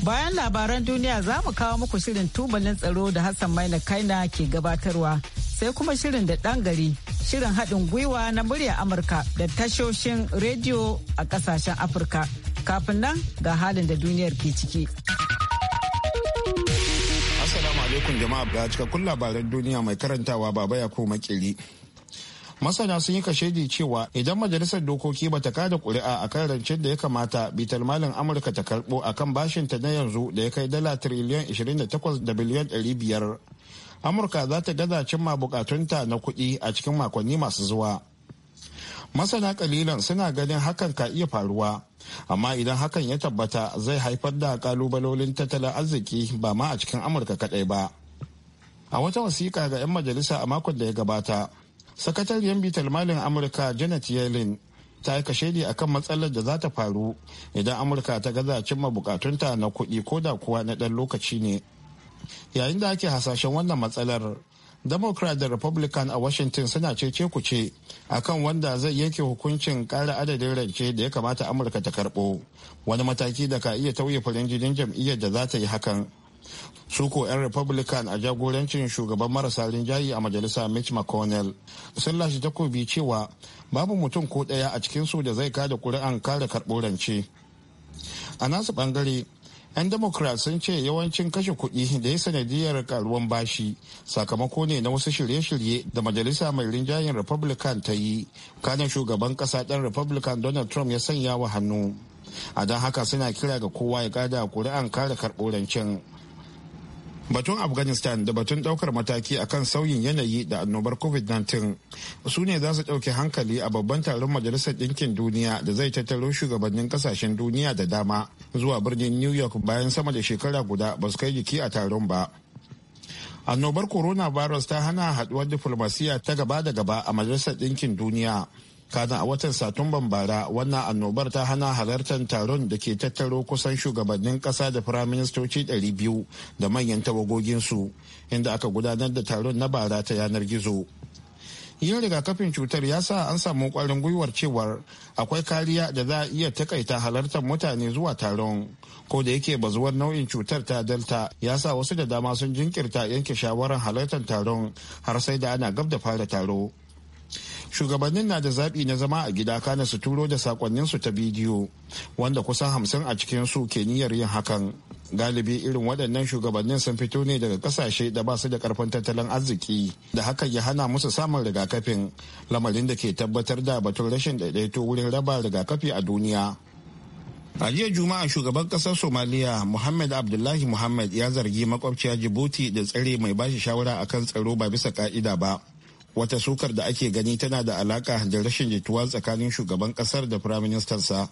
Bayan labaran duniya za mu kawo muku shirin tubalin tsaro da Hassan Maina Kaina ke gabatarwa sai kuma shirin da ɗan gari shirin haɗin gwiwa na murya Amurka da tashoshin rediyo a ƙasashen Afirka. Kafin nan ga halin da duniyar ke ciki. Assalamu alaikum jama'a ga cikakkun labaran duniya mai karantawa baba ya ko makili. masana sun yi kashedi cewa idan majalisar dokoki ba ta kada kuri'a a kan rancen da ya kamata bitar malin amurka ta karbo a kan bashinta na yanzu da ya kai dala tiriliyan 28 da biliyan 500 amurka za ta gaza cimma bukatunta na kuɗi a cikin makonni masu zuwa masana kalilan suna ganin hakan ka iya faruwa amma idan hakan ya tabbata zai haifar da kalubalolin tattalin arziki ba ma a cikin amurka kadai ba a wata wasiƙa ga 'yan majalisa a makon da ya gabata sakatariyar bitar malin amurka janet yellen ta yi kashedi kan matsalar da za ta faru idan amurka ta gaza cimma bukatunta na kuɗi ko da kuwa na ɗan lokaci ne yayin da ake hasashen wannan matsalar democrat da republican a washington suna cece kuce akan wanda zai yanke hukuncin kara adadin rance da ya kamata amurka ta karɓo wani mataki da ka iya tauye farin jinin jam'iyyar da za ta yi hakan suko 'yan republican a jagorancin shugaban marasa rinjaye a majalisa mitch mcconnell sun lashe takobi cewa babu mutum ko ɗaya a cikin su da zai kada kuri'an kare karɓo a nasu ɓangare 'yan democrat sun ce yawancin kashe kuɗi da ya sanadiyar karuwan bashi sakamako ne na wasu shirye-shirye da majalisa mai rinjayen republican ta yi kanin shugaban ƙasa ɗan republican donald trump ya sanya wa hannu a don haka suna kira ga kowa ya kada kuri'an kare karɓo batun afghanistan da batun daukar mataki akan sauyin yanayi da annobar covid-19 su ne za su ɗauki hankali a babban taron majalisar ɗinkin duniya da zai tattaro shugabannin kasashen duniya da dama zuwa birnin new york bayan sama da shekara guda ba su kai jiki a taron ba annobar coronavirus ta hana haduwar diflomasiyya ta gaba da gaba a majalisar ɗinkin duniya kana a watan satumban bara wannan annobar ta hana halartar taron da ke tattaro kusan shugabannin kasa da firaministoci 200 da manyan tawagoginsu inda aka gudanar da taron na bara ta yanar gizo yin rigakafin cutar ya sa an samu kwarin gwiwar cewar akwai kariya da za a iya takaita halartar mutane zuwa taron ko da yake bazuwar nau'in cutar ta delta ya sa wasu da dama sun jinkirta yanke shawarar halartar taron har sai da ana gab da fara taro shugabannin na da zaɓi na zama a gida kana su turo da su ta bidiyo wanda kusan hamsin a cikin su ke niyyar yin hakan galibi irin waɗannan shugabannin sun fito ne daga ƙasashe da ba su da karfin tattalin arziki da haka ya hana musu samun rigakafin lamarin da ke tabbatar da batun rashin daidaito wurin raba rigakafi a duniya a jiya juma'a shugaban ƙasar somaliya muhammad abdullahi muhammad ya zargi makwabciya jibuti da tsare mai bashi shawara akan tsaro ba bisa ka'ida ba wata sukar da ake gani tana da alaka da rashin jituwa tsakanin shugaban kasar da firaministansa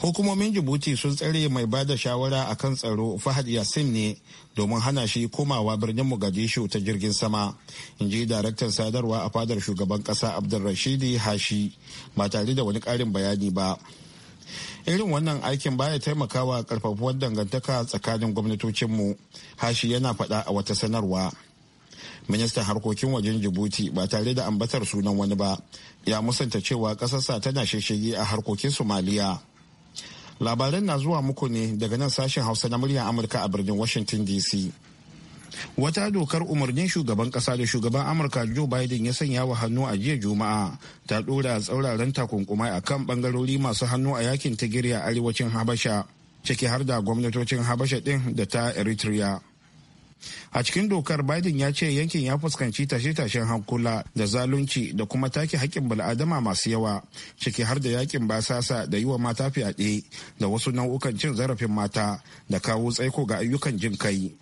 hukumomin jibuti sun tsare mai ba da shawara a kan tsaro fahad yasin ne domin hana shi komawa birnin mogadishu ta jirgin sama in ji daraktan sadarwa a fadar shugaban kasa abdulrashidi hashi ba tare da wani karin bayani ba irin wannan aikin baya taimakawa karfafuwar dangantaka tsakanin gwamnatocinmu hashi yana faɗa a wata sanarwa ministan harkokin wajen jibuti ba tare da ambatar sunan wani ba ya musanta cewa ƙasarsa tana shishigi a harkokin somaliya labaran na zuwa muku ne daga nan sashen hausa na muryar amurka a birnin washington dc wata dokar umarnin shugaban kasa da shugaban amurka joe biden ya sanya wa hannu a jiya juma'a ta dora tsauraran takunkumai a kan bangarori masu hannu a yakin tigiri a arewacin habasha ciki har da gwamnatocin habasha din da ta eritrea a cikin dokar biden ya ce yankin ya fuskanci tashe-tashen hankula da zalunci da kuma take haƙƙin bal'adama masu yawa ciki har da yakin basasa da yi wa mata fyaɗe da wasu nau'ukan cin zarafin mata da kawo tsaiko ga ayyukan jin kai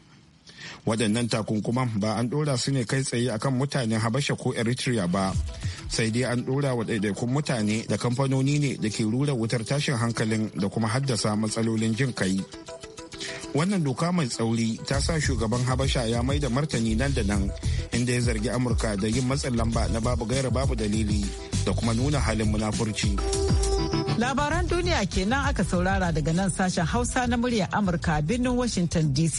waɗannan takunkuman ba an ɗora su ne kai tsaye akan mutanen habasha ko eritrea ba sai dai an ɗora wa ɗaiɗaikun mutane da kamfanoni ne da ke rura wutar tashin hankalin da kuma haddasa matsalolin jin kai wannan doka mai tsauri ta sa shugaban habasha ya mai da martani nan da nan inda ya zargi amurka da yin matsin lamba na babu gaira babu dalili da kuma nuna halin munafurci labaran duniya kenan aka saurara daga nan sashen hausa na muryar amurka birnin washington dc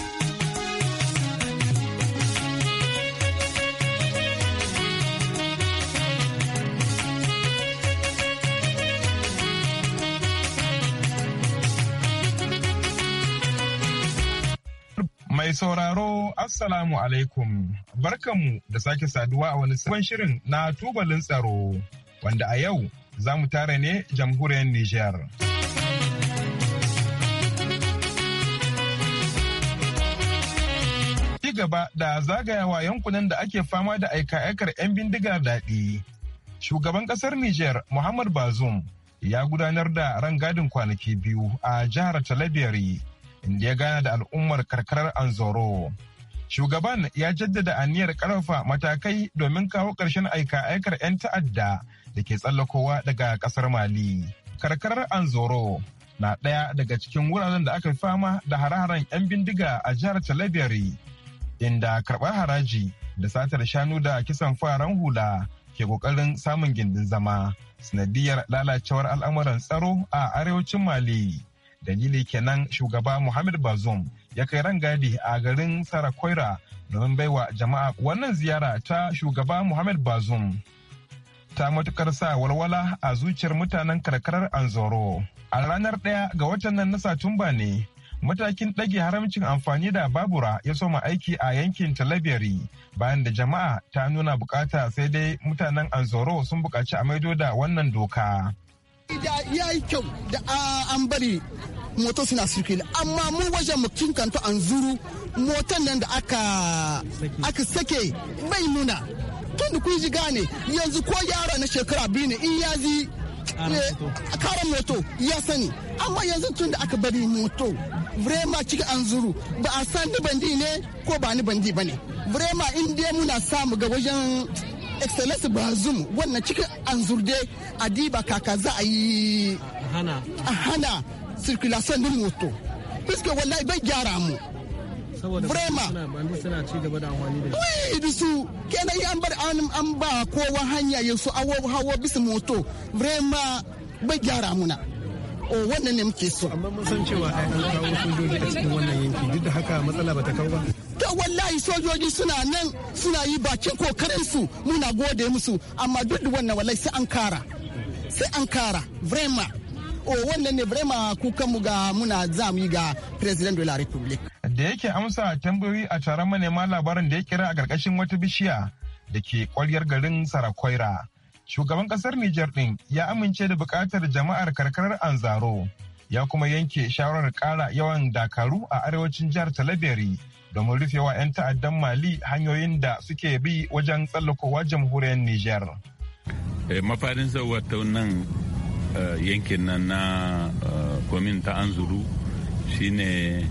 Mai sauraro Assalamu alaikum barkanmu da sake saduwa a wani sabon shirin na tubalin tsaro wanda a yau za mu tara ne jamhuriyar Nijar. gaba da zagayawa yankunan da ake fama da aika-aikar 'yan bindigar daɗi. Shugaban ƙasar Nijar Muhammad Bazoum ya gudanar da rangadin kwanaki biyu a jihar Talabiyari inda ya gana da al'ummar karkarar anzoro shugaban ya jaddada aniyar karfa matakai domin kawo ƙarshen aika-aikar 'yan ta'adda da ke tsallakowa daga ƙasar mali karkarar anzoro na ɗaya daga cikin wuraren da aka fi fama da hare-haren 'yan bindiga a jihar talabiyari inda karɓar haraji da satar shanu da kisan faran hula ke ƙoƙarin samun gindin zama sanadiyar lalacewar al'amuran tsaro a arewacin mali Dalili kenan shugaba Muhammad Bazoum ya kai rangadi a garin Sarakoira domin baiwa jama'a wannan ziyara ta shugaba Muhammad Bazoum. Ta matukar sa walwala a zuciyar mutanen karkarar Anzoro. A ranar ɗaya ga watan nan na Satumba ne, matakin ɗage haramcin amfani da babura ya soma aiki a yankin talabiyari bayan da jama'a ta nuna bukata sai dai mutanen anzoro sun bukaci a maido da wannan doka ya yi kyau da an bari moto suna sirkili amma mu wajen mutum kanto an zuru motar nan da aka sake bai nuna tun da kun ji gane yanzu ko yara na shekara biyu ne in ya ji eh, karan moto ya sani amma yanzu tun da aka bari moto vrema cikin an zuru ba a san ni bandi ne ko ba ni bandi ba ne vrema in dai muna samu ga wajen excellence brazum wannan cikin anzurde adiba kaka za a yi a hana circulation din moto fiske wallahi bai gyara mu Brema. Wai su kenan an bar an ba kowa hanya ya su awo hawa bisa moto. Brema bai gyara muna. o wannan ne muke so amma mun san cewa an kawo sojoji a cikin wannan yanki duk da haka matsala bata kawo ba to wallahi sojoji suna nan suna yi bakin kokarin su muna gode musu amma duk da wannan wallahi sai an kara sai an kara vrema o wannan ne vrema kukan mu ga muna zamu mu yi ga president de la republique da yake amsa tambayoyi a taron manema labarin da ya kira a karkashin wata bishiya da ke kwaryar garin sarakwaira shugaban kasar Nijar ɗin ya amince da buƙatar jama'ar karkarar Anzaro ya kuma yanke shawarar ƙara yawan dakaru a arewacin jihar Talabiri domin rufewa 'yan ta'addan Mali hanyoyin da suke bi wajen tsallakowa jamhuriyar Nijar. Eh, mafarin zauwar nan eh, yankin nan na eh, komin ta Anzuru shine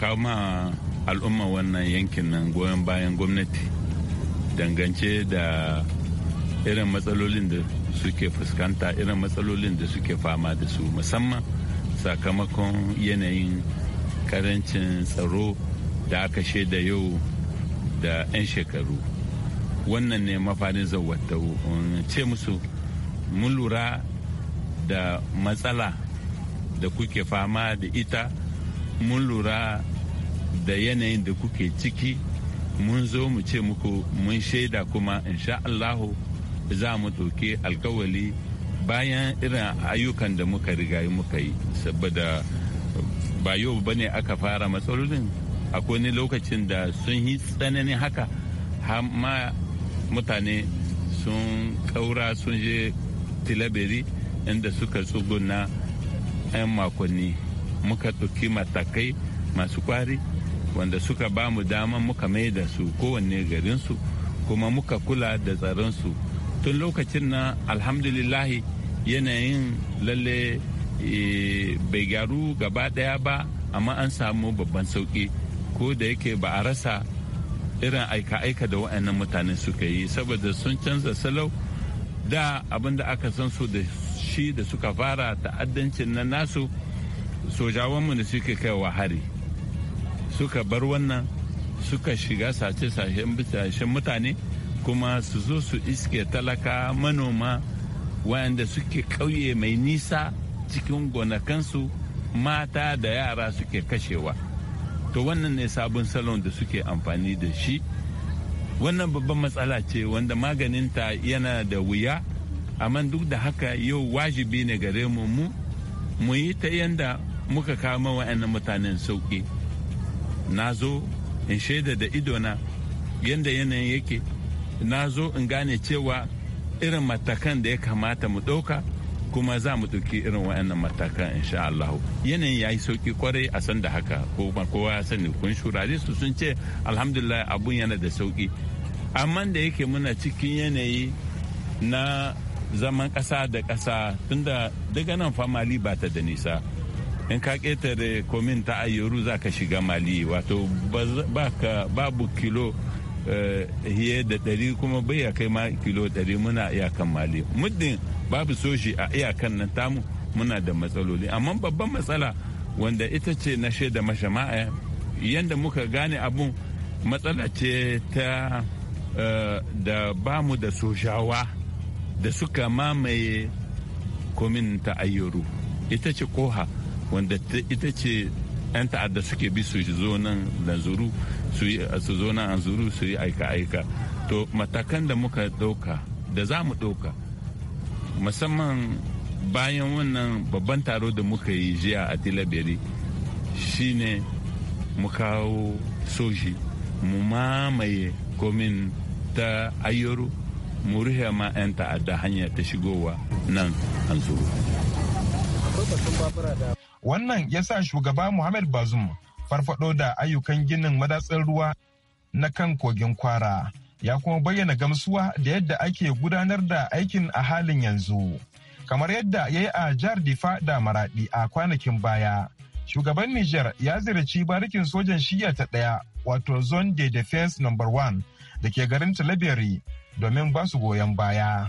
kama al'umma wannan yankin nan goyon bayan gwamnati dangance da irin matsalolin da suke fuskanta irin matsalolin da suke fama da su musamman sakamakon yanayin karancin tsaro da aka shaida yau da 'yan shekaru wannan ne mafarin zawata ce musu mun lura da matsala da kuke fama da ita mun lura da yanayin da kuke ciki mun zo mu ce muku mun shaida kuma insha Allahu za mu ɗauki alkawali bayan irin ayyukan da muka riga muka yi saboda ba yau ba ne aka fara matsalolin akwai ni lokacin da sun yi tsananin haka ma mutane sun ƙaura sun je tilaberi inda suka tsuguna 'yan makonni muka ɗauki matakai masu kwari wanda suka ba mu dama muka mai da su kowanne garinsu kuma muka kula da tsaronsu tun lokacin na alhamdulillahi yanayin lalle eh, bai gyaru gaba daya ba amma an samu babban sauki ko da yake ba a rasa irin aika-aika da wa'annan mutane suka yi saboda sun canza salau da abin da aka san su da shi da suka fara ta'addancin na nasu sojawanmu da suke wa hari suka bar wannan suka shiga sace-sashen mutane kuma su zo su iske talaka manoma wayanda suke kauye mai nisa cikin gonakansu mata da yara suke kashewa to wannan ne sabon salon da suke amfani da shi wannan babban matsala ce wanda maganinta yana da wuya amma duk da haka yau wajibi ne gare mu mu mu yi ta yanda muka kama wa'annan mutanen sauƙi na zo in shaida da idona yanda yanayin yake na zo in gane cewa irin matakan da ya kamata mu ɗauka kuma za mu ɗauki irin wa'annan matakan insha Allah yanayin ya yi sauki kwarai a san da haka ko kowa ya sani kun shurare su sun ce alhamdulillah abun yana da sauki amma da yake muna cikin yanayi na zaman ƙasa da ƙasa tunda daga nan fa mali ba ta da nisa in ka ƙetare komin ta ayyuru za ka shiga mali wato babu kilo Eh, hiye da ɗari kuma bai ya kai ma kilo ɗari muna iyakan mali muddin babu soshi a iyakan nan tamu muna da matsaloli amma babban matsala wanda ita ce na shaida mashama'a eh, yadda muka gane abun matsala ce ta eh, da bamu da sojawa da suka mamaye komin ta ayyaru ita ce koha wanda ita ce 'yan ta'adda suke bi su zo nan da su zo na an zuru su yi aika-aika to matakan da muka ɗauka da za mu ɗauka musamman bayan wannan babban taro da muka yi jiya a tilabiri shine mu kawo soji mu mamaye komin ta ayyoro mu rufe ma 'yan ta'adda hanya ta shigowa nan an zuru wannan ya sa shugaba muhammad bazum farfado da ayyukan ginin madatsar ruwa na kan kogin kwara ya kuma bayyana gamsuwa da yadda ake gudanar da aikin a halin yanzu kamar yadda ya yi a jihar difa da maradi a kwanakin baya shugaban niger ya ziyarci barikin sojan shiya ta ɗaya wato zone de defense No. 1, da ke garin talabiri domin ba su goyon baya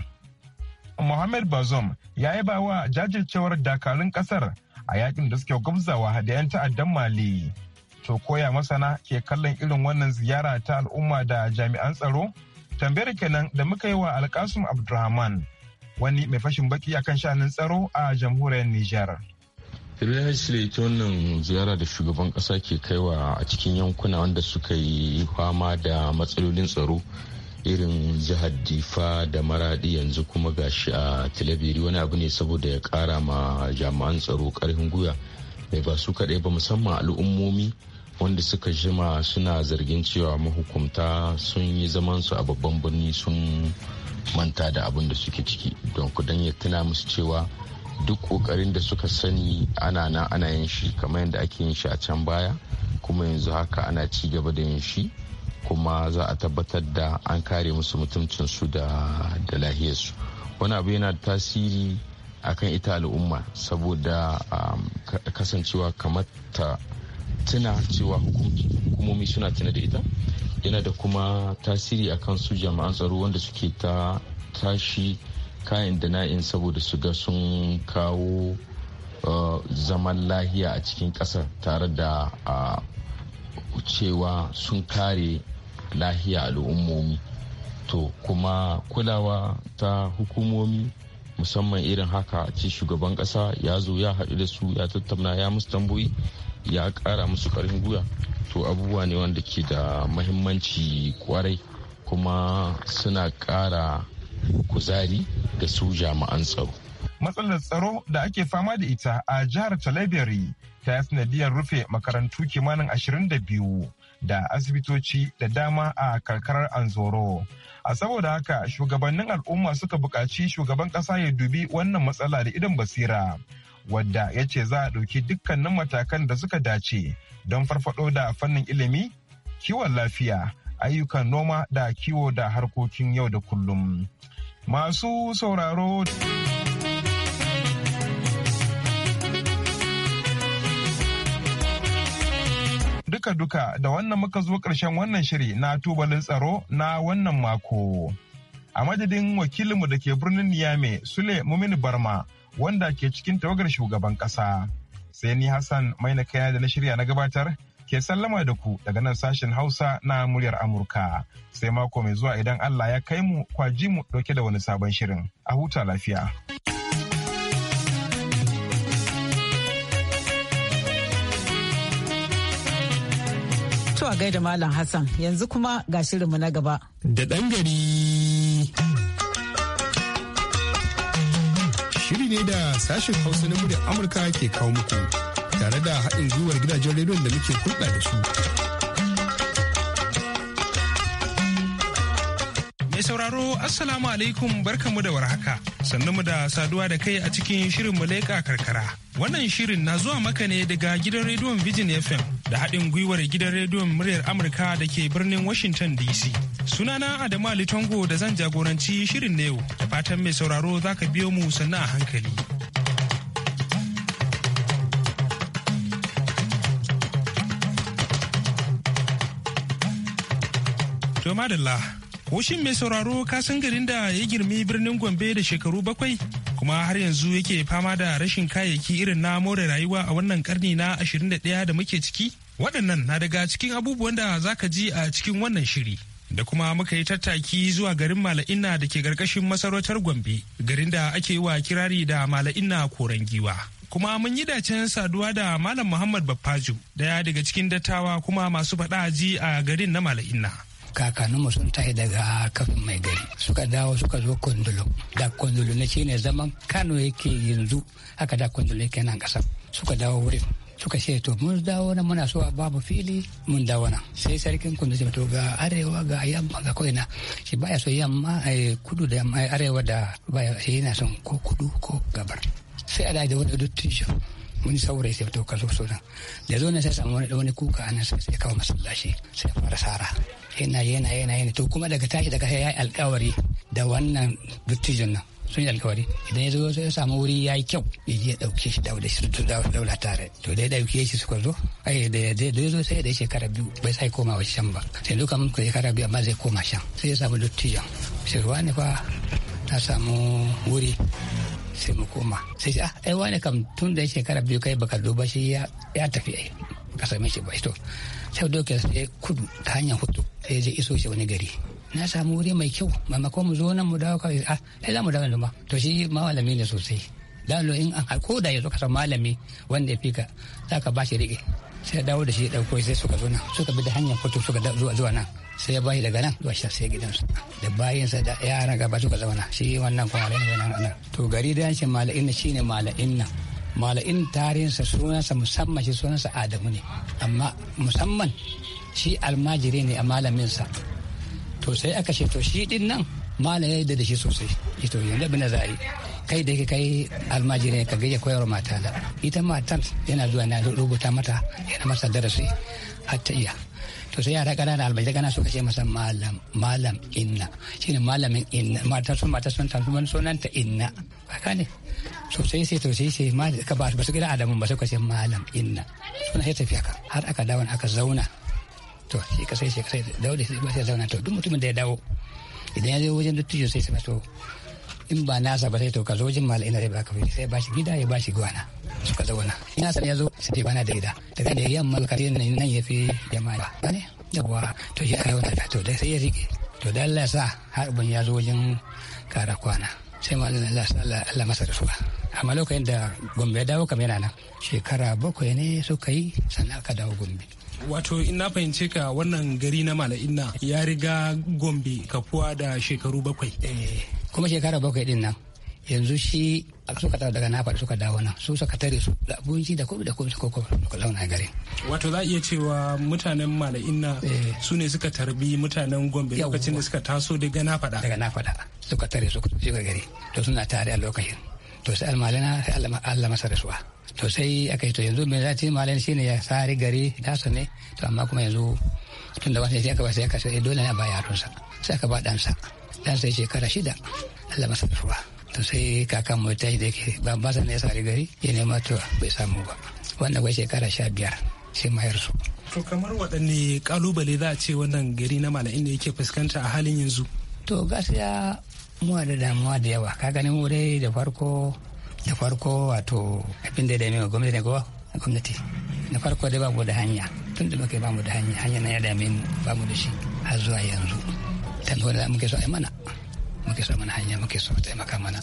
mohamed bazoum ya yi bawa jajircewar dakarun kasar a yakin da suke gwamzawa da 'yan ta'addan mali To koya masana ke kallon irin wannan ziyara ta al'umma da jami'an tsaro? Tambayar kenan da muka yi wa Alkasum Abdulrahman wani mai fashin baki akan shanun tsaro a jamhuriyar Nijar. Presley ta wannan ziyara da shugaban kasa ke kaiwa a cikin yankuna wanda suka yi fama da matsalolin tsaro irin jihar difa da maradi yanzu kuma gashi a talabiri wani abu ne saboda ya kara ma jami'an tsaro karfin gwiwa mai ba su kaɗai ba musamman al'ummomi wanda suka jima suna zargin cewa mahukumta sun yi zamansu a babban birni sun manta da abin da suke ciki don kudan ya tuna musu cewa duk kokarin da suka sani ana nan ana yin shi kamar yadda ake yin shi a can baya kuma yanzu haka ana ci gaba da yin shi kuma za a tabbatar da an kare musu mutuncinsu da lahiyarsu wani abu yana tasiri akan ita al'umma saboda um, kasancewa kamar ta tuna cewa hukumomi suna tuna da ita yana da kuma tasiri akan su jama'an tsaro wanda suke ta tashi kayan da na'in saboda su ga sun kawo uh, zaman lahiya a cikin kasar tare da uh, cewa sun kare lahiya al'ummomi to kuma kulawa ta hukumomi musamman irin haka ce shugaban kasa ya zo ya haɗu da su ya tattauna ya musu tambayi ya ƙara musu ƙarfin guya to abubuwa ne wanda ke da mahimmanci kwarai kuma suna ƙara kuzari da su jami'an tsaro matsalar tsaro da ake fama da ita a jihar talabiyar ta yi sanadiyar rufe makarantu kimanin 22 da asibitoci da dama a karkarar anzoro a saboda haka shugabannin al'umma suka buƙaci shugaban ƙasa ya dubi wannan matsala da idan basira wadda ya ce za a ɗauki dukkanin matakan da suka dace don farfaɗo da fannin ilimi kiwon lafiya ayyukan noma da kiwo da harkokin yau da kullum masu sauraro duka-duka da wannan muka zo ƙarshen wannan shiri na tubalin tsaro na wannan mako. A madadin wakilinmu da ke birnin Niyame Sule Mumini Barma wanda ke cikin tawagar shugaban ƙasa. Sai ni Hassan mai na kaya da na shirya na gabatar ke sallama da ku daga nan sashen Hausa na muryar Amurka. Sai mako mai zuwa idan Allah ya kai mu kwaji mu ɗauke da wani sabon shirin. A huta lafiya. a gaida Malam Hassan yanzu kuma ga shirinmu na gaba. Da ɗan gari. Shiri ne da sashen Hausa na muryar Amurka ke kawo muku tare da haɗin gwiwar gidajen rediyon da muke kulɗa da su. Mai sauraro Assalamu alaikum barkamu da warhaka mu da saduwa da kai a cikin shirin mu karkara. Wannan shirin na zuwa maka ne daga gidan rediyon Vision FM da haɗin gwiwar gidan rediyon muryar Amurka da ke birnin Washington DC. Sunana Adama Litongo da zan jagoranci shirin na yau da fatan mai sauraro za ka biyo mu sannu a hankali. To madalla, washin mai sauraro kasan garin da ya girmi birnin Gombe da shekaru bakwai kuma har yanzu yake fama da rashin kayayyaki irin na more rayuwa a wannan karni na 21 da muke ciki? Waɗannan na daga cikin abubuwan da za ka ji a cikin wannan shiri. Da kuma muka yi tattaki zuwa garin Mala'ina da ke ƙarƙashin masarautar Gombe, garin da ake yi wa kirari da Mala'ina koren giwa. Kuma mun yi dacen saduwa da Malam Muhammad Baffaju, daya daga cikin dattawa kuma masu faɗa ji a garin na Mala'ina. kakanninmu sun tahi daga kafin mai gari suka dawo suka zo kondolo da kondolo na shine zaman kano yake yanzu haka da kondolo yake nan kasa suka dawo wurin suka ce to mun dawo na muna so a babu fili mun dawo na. sai sarkin kundu ce to ga arewa ga yamma ga koina shi baya so yamma eh, kudu da arewa da baya shi yana son ko kudu ko gabar sai a da wani shi mun saurayi sai fito kaso sodan da zo ne sai samu wani wani kuka anan sai sai kawo masallaci sai fara sara yana yana yana yana to kuma daga tashi daga sai ya yi alkawari da wannan dutijin nan sun yi alkawari idan ya zo sai ya samu wuri ya kyau ya je dauke shi da shi daula tare to da ya ɗauke shi suka zo ai da ya zo sai da shekara biyu bai sai koma wa shan ba sai duka mun shekara biyu amma zai koma shan sai ya samu dutijin sai ruwa ne fa ta samu wuri sai mu koma sai ce ah, ai wani kam tun da shekara biyu kai baka duba shi ya tafi ai ka same shi ba to sai doke sai kudu ta hanyar hudu sai je iso shi wani gari na samu wuri mai kyau maimakon mu zo nan mu dawo kai a ah, sai za mu dawo to shi malami ne sosai lo in an ko da yanzu ka san malami wanda ya fika za ka ba shi rike sai dawo da shi ɗauko sai suka zo nan suka bi da hanyar fito suka zuwa zuwa nan sai ya bashi daga nan zuwa shi sai gidansu da bayansa da yaran gaba suka zauna shi wannan kwara ne nan nan to gari da yancin mala'in shine mala'in nan mala'in tarihinsa sunansa musamman shi sunansa adamu ne amma musamman shi almajiri ne a malaminsa to sai aka ce to shi din nan malaye da da shi sosai ito yanzu abin da za a yi kai da yake kai almajiri ka gaya koyar mata da ita matan yana zuwa na rubuta mata yana masa darasi hatta iya to sai yara ƙanana almajiri ƙanana suka ce masa malam malam inna shine malamin inna mata sun mata sun tafi man ta inna haka ne so sai sai to sai sai malam ka ba ba su gida adamu ba ka ce malam inna suna sai tafiya ka har aka dawo aka zauna to sai ka sai shi ka sai dawo da shi zauna to duk mutumin da ya dawo idan ya zo wajen dattijo sai sai to in ba nasa ba sai to ka zo jin mal ina ba ka sai ba shi gida ya ba shi gwana suka zauna ina san ya zo ce bana da gida daga da yamma ka nan ya fi jama'a bane yawa to ya kai wata to dai sai ya rike to da Allah sa har ban ya zo jin kara kwana sai ma Allah sa Allah masa da suwa amma lokacin da gombe ya dawo kamar yana nan shekara bakwai ne suka yi sannan aka dawo gombe wato in na fahimce ka wannan gari na mala'inna ya riga gombe kafuwa da shekaru bakwai eh. kuma shekara bakwai din nan yanzu shi suka tsara daga nafa suka dawo nan su suka tare su da abinci da kobi da kobi ko suka launa gari wato za a iya cewa mutanen inna eh. su ne suka tarbi mutanen gombe lokacin da suka taso daga na da daga nafa da suka tare su suka gari to suna tare a lokacin to sai almalina sai Allah masa rasuwa to sai aka yi to yanzu me za ce malin ne ya sari gari su ne to amma kuma yanzu tun da wani sai aka ba sai aka sai dole ne a ba sa sai aka ba dan sa. dan sai shekara shida Allah masa rasuwa to sai kakan mu tashi da yake ba ba sa ne ya sari gari ya nema to bai samu ba wannan bai shekara sha biyar sai mayar su. To kamar waɗanne kalubale za a ce wannan gari na mala'in da yake fuskanta a halin yanzu? To gaskiya mu da damuwa da yawa ka gani mu dai da farko da farko wato abin da ya dame gwamnati ne kowa gwamnati na farko dai bamu da hanya tun da muke mu da hanya hanya na ya dame mu bamu da shi har zuwa yanzu taimako da muke so a mana muke so mana hanya muke so taimaka mana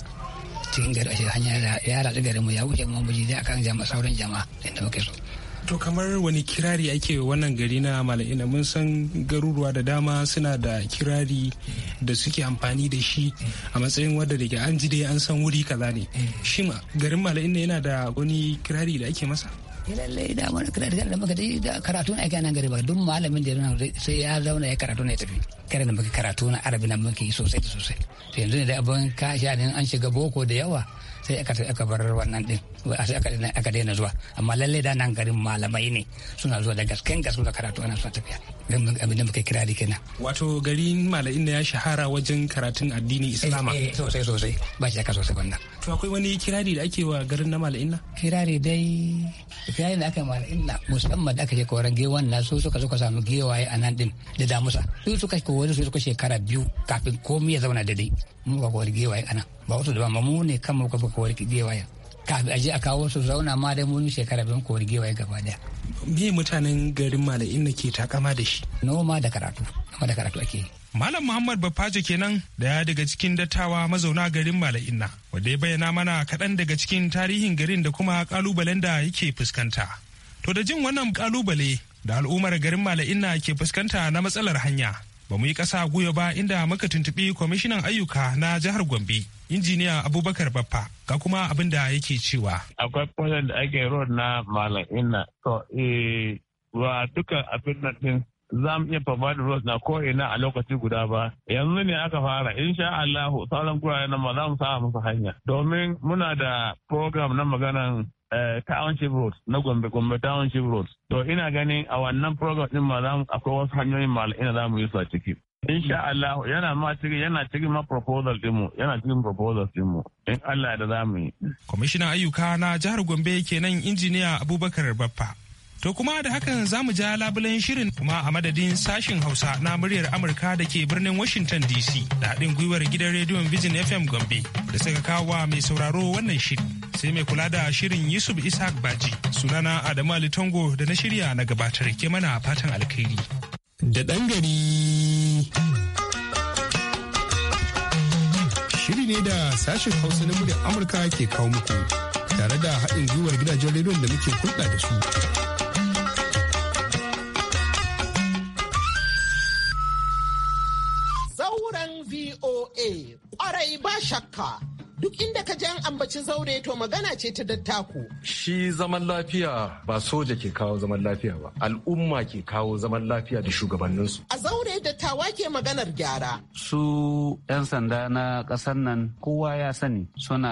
cikin gari ashe hanya ya raɗu garin mu ya wuce mu mu ji akan jama'a sauran jama'a inda muke so to kamar wani kirari ake wannan gari na mala'ina mun san garuruwa da dama suna da kirari da suke amfani da shi a matsayin wadda da ke an ji dai an san wuri kaza ne eh. shima garin mala'ina yana da wani kirari da ake masa lallai da mun karatu da muka yi da karatu na aika nan gari ba duk malamin da yana sai ya zauna ya karatu na ya tafi kare da muka karatu na arabi na muka yi sosai da sosai yanzu ne da abin kashi an shiga boko da yawa sai aka bar wannan din aka daina zuwa amma lallai da nan garin malamai ne suna zuwa da gasken gasu da karatu ana suna tafiya abin da muka kira da kenan wato garin malamin ne ya shahara wajen karatun addinin eh, islama eh, sosai sosai ba shi aka sosai wannan to akwai wani kirari da ake wa garin na malamin na kirari dai kirari da aka yi malamin na musamman da aka je koran gewan na su suka suka samu gewaye a nan din da damusa su suka kowani su suka shekara biyu kafin komai ya zauna daidai mun ga kowani gewaye a nan ba wasu da ba mu ne kan ka buka wargewa ya kafin aje a kawo su zauna ma dai mun shekara bin ko wargewa gaba daya me mutanen garin mala'in da ke takama da shi noma da karatu noma da karatu ake yi Malam Muhammad Bafaje kenan ya daga cikin dattawa mazauna garin Mala'inna wanda ya bayyana mana kaɗan daga cikin tarihin garin da kuma kalubalen da yake fuskanta. To da jin wannan kalubale da al'ummar garin Mala'inna ke fuskanta na matsalar hanya ba mu yi ƙasa guyo ba inda muka tuntuɓi kwamishinan ayyuka na jihar gombe injiniya abubakar baffa ga kuma abin da yake cewa akwai kwallon da ake road na malam inna to eh wa duka abin nan din za mu iya provide road na ko ina a lokaci guda ba yanzu ne aka fara insha Allah sauran gurare na ma za mu sa musu hanya domin muna da program na maganan Eh, township road na gombe gombe township road to ina ganin a wannan program din ma za mu akwai wasu hanyoyin ma ina za mu yi su a ciki insha Allah yana ma cikin yana cikin ma proposal mu yana cikin proposal mu in Allah da za mu yi kwamishinan ayyuka na jihar gombe kenan injiniya abubakar baffa To kuma da hakan za mu ja labulen shirin kuma a madadin Sashen Hausa na muryar Amurka da ke birnin Washington DC da haɗin gwiwar gidan rediyon Vision FM Gombe da suka kawo mai sauraro wannan shiri. Sai mai kula da shirin Yusuf Ishak Baji sunana Adamu Ali Tongo da na shirya na gabatar ke mana fatan alkhairi. Da ɗan gari. Shiri ne da sashin Hausa na muryar Amurka ke kawo muku tare da haɗin gwiwar gidajen rediyon da muke hulɗa da su. duk inda ka ji an ambaci zaure to magana ce ta dattako. Shi zaman lafiya ba soja ke kawo zaman lafiya ba, al'umma ke kawo zaman lafiya da shugabanninsu. A zaure dattawa ke maganar gyara. Su 'yan sanda na ƙasar nan kowa ya sani suna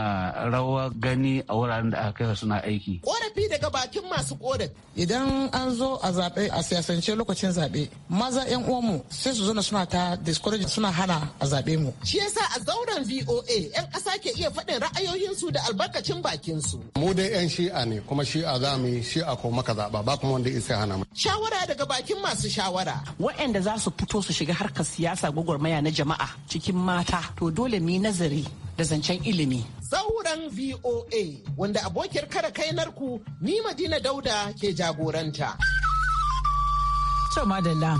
rawa gani a wuraren da aka kai suna aiki. Kora korafi daga bakin masu korafi. Idan an zo a zaɓe a siyasance lokacin zaɓe maza 'yan uwanmu sai su zuna suna ta discourage suna hana a zaɓe mu. Shi yasa a zauren VOA 'yan ƙasa ke iya faɗin ra'ayoyinsu da albarkacin bakinsu. Mu dai 'yan shi'a ne kuma shi'a za mu yi shi'a ko maka zaɓa ba kuma wanda isa hana mu. Shawara daga bakin masu shawara. Waɗanda za su fito su shiga harkar siyasa gwagwarmaya na jama'a cikin mata to dole mu yi nazari da zancen ilimi. Zauren VOA wanda abokiyar kare kainarku ni Madina Dauda ke jagoranta. To madalla.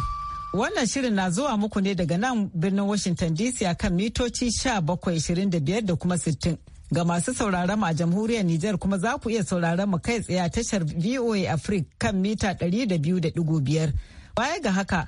Wannan shirin na zuwa muku ne daga nan birnin Washington DC a kan mitoci sha bakwai 1725 da kuma sittin. Ga masu sauraron a jamhuriyar Nijar kuma za ku iya sauraron mu kai tsaye tashar VOA Africa kan mita 200.5. Baya ga haka,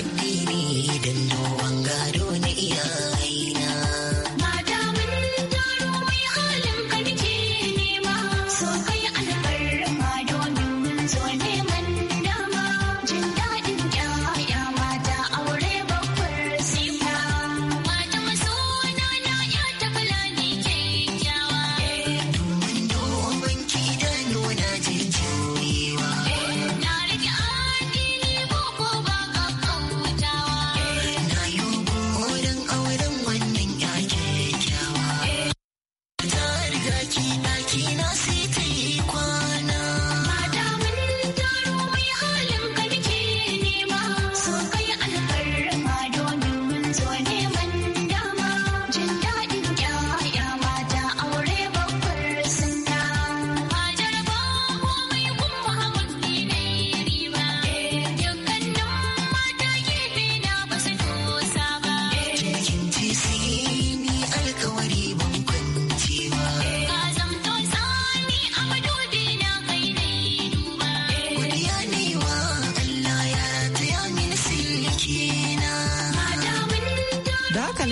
addini don dogon gado na iyaye